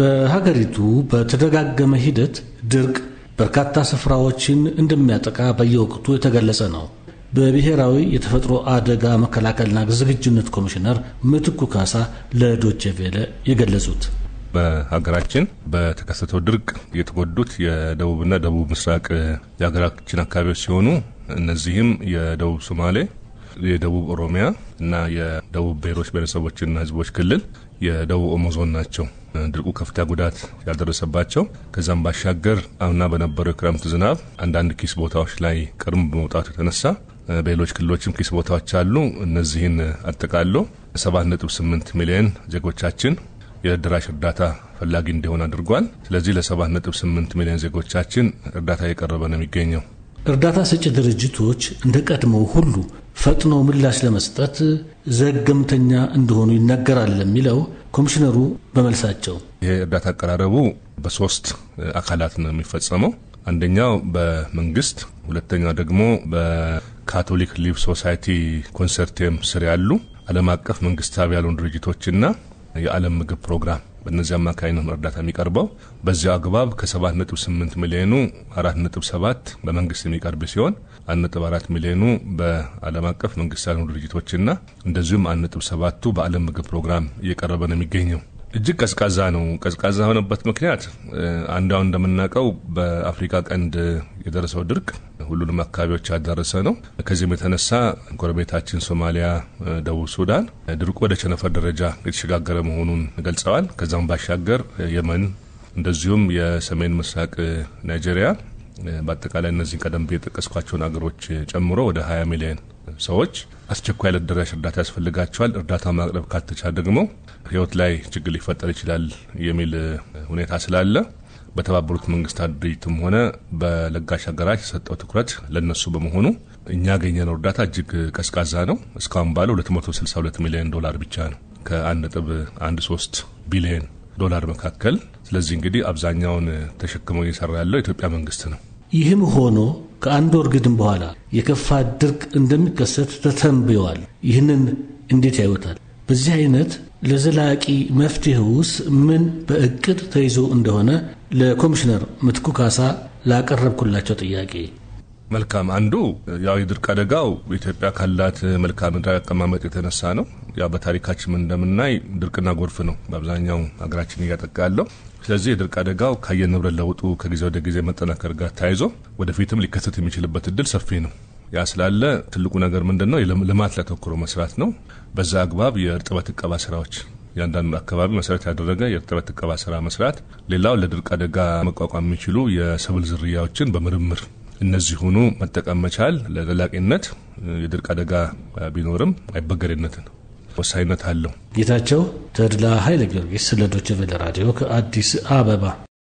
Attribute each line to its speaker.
Speaker 1: በሀገሪቱ በተደጋገመ ሂደት ድርቅ በርካታ ስፍራዎችን እንደሚያጠቃ በየወቅቱ የተገለጸ ነው። በብሔራዊ የተፈጥሮ አደጋ መከላከልና ዝግጁነት ኮሚሽነር ምትኩ ካሳ ለዶቼ ቬለ የገለጹት
Speaker 2: በሀገራችን በተከሰተው ድርቅ የተጎዱት የደቡብና ደቡብ ምስራቅ የሀገራችን አካባቢዎች ሲሆኑ እነዚህም የደቡብ ሶማሌ የደቡብ ኦሮሚያ እና የደቡብ ብሔሮች ብሔረሰቦችና ህዝቦች ክልል የደቡብ ኦሞ ዞን ናቸው ድርቁ ከፍታ ጉዳት ያልደረሰባቸው። ከዛም ባሻገር አምና በነበረው የክረምት ዝናብ አንዳንድ ኪስ ቦታዎች ላይ ቅርም በመውጣቱ የተነሳ በሌሎች ክልሎችም ኪስ ቦታዎች አሉ። እነዚህን አጠቃሎ 7.8 ሚሊዮን ዜጎቻችን የደራሽ እርዳታ ፈላጊ እንዲሆን አድርጓል። ስለዚህ ለ7.8 ሚሊዮን ዜጎቻችን እርዳታ እየቀረበ ነው የሚገኘው።
Speaker 1: እርዳታ ሰጪ ድርጅቶች እንደ ቀድሞው ሁሉ ፈጥኖ ምላሽ ለመስጠት ዘገምተኛ እንደሆኑ ይናገራል የሚለው ኮሚሽነሩ በመልሳቸው
Speaker 2: ይሄ እርዳታ አቀራረቡ በሶስት አካላት ነው የሚፈጸመው። አንደኛው በመንግስት፣ ሁለተኛው ደግሞ በካቶሊክ ሊቭ ሶሳይቲ ኮንሰርቲየም ስር ያሉ ዓለም አቀፍ መንግስታዊ ያልሆኑ ድርጅቶችና የዓለም ምግብ ፕሮግራም በእነዚህ ነው እርዳታ የሚቀርበው በዚያው አግባብ ከ7.8 ሚሊዮኑ 4.7 በመንግስት የሚቀርብ ሲሆን 1.4 ሚሊዮኑ በዓለም አቀፍ መንግስት ያልሆኑ ድርጅቶችና እንደዚሁም 1.7ቱ በዓለም ምግብ ፕሮግራም እየቀረበ ነው የሚገኘው። እጅግ ቀዝቃዛ ነው። ቀዝቃዛ የሆነበት ምክንያት አንዳሁን እንደምናውቀው በአፍሪካ ቀንድ የደረሰው ድርቅ ሁሉንም አካባቢዎች ያዳረሰ ነው። ከዚህም የተነሳ ጎረቤታችን ሶማሊያ፣ ደቡብ ሱዳን ድርቁ ወደ ቸነፈር ደረጃ የተሸጋገረ መሆኑን ገልጸዋል። ከዛም ባሻገር የመን እንደዚሁም የሰሜን ምስራቅ ናይጄሪያ በአጠቃላይ እነዚህን ቀደም ብዬ የጠቀስኳቸውን አገሮች ጨምሮ ወደ 20 ሚሊዮን ሰዎች አስቸኳይ ዕለት ደራሽ እርዳታ ያስፈልጋቸዋል። እርዳታ ማቅረብ ካልተቻለ ደግሞ ሕይወት ላይ ችግር ሊፈጠር ይችላል የሚል ሁኔታ ስላለ በተባበሩት መንግስታት ድርጅትም ሆነ በለጋሽ ሀገራት የሰጠው ትኩረት ለነሱ በመሆኑ እኛ ያገኘነው እርዳታ እጅግ ቀዝቃዛ ነው። እስካሁን ባለው 262 ሚሊዮን ዶላር ብቻ ነው ከ1.13 ቢሊዮን ዶላር መካከል። ስለዚህ እንግዲህ አብዛኛውን ተሸክመው እየሰራ ያለው የኢትዮጵያ መንግስት ነው።
Speaker 1: ይህም ሆኖ ከአንድ ወር ግድም በኋላ የከፋ ድርቅ እንደሚከሰት ተተንብየዋል። ይህንን እንዴት ያዩታል? በዚህ አይነት ለዘላቂ መፍትሄውስ ምን በእቅድ ተይዞ እንደሆነ ለኮሚሽነር ምትኩ ካሳ ላቀረብኩላቸው
Speaker 2: ጥያቄ መልካም አንዱ ያው የድርቅ አደጋው ኢትዮጵያ ካላት መልካ ምድራዊ አቀማመጥ የተነሳ ነው። ያው በታሪካችን እንደምናይ ድርቅና ጎርፍ ነው በአብዛኛው ሀገራችን እያጠቃ ያለው። ስለዚህ የድርቅ አደጋው ከአየር ንብረት ለውጡ ከጊዜ ወደ ጊዜ መጠናከር ጋር ተያይዞ ወደፊትም ሊከሰት የሚችልበት እድል ሰፊ ነው። ያ ስላለ ትልቁ ነገር ምንድን ነው? ልማት ላይ መስራት ነው። በዛ አግባብ የእርጥበት እቀባ ስራዎች የአንዳንድ አካባቢ መሰረት ያደረገ የእርጥበት እቀባ ስራ መስራት፣ ሌላው ለድርቅ አደጋ መቋቋም የሚችሉ የሰብል ዝርያዎችን በምርምር እነዚህ ሆኑ መጠቀም መቻል ለዘላቂነት የድርቅ አደጋ ቢኖርም አይበገሬነትን ወሳኝነት አለው። ጌታቸው ተድላ ኃይለ ጊዮርጊስ ለዶይቼ ቬለ ራዲዮ
Speaker 1: ከአዲስ አበባ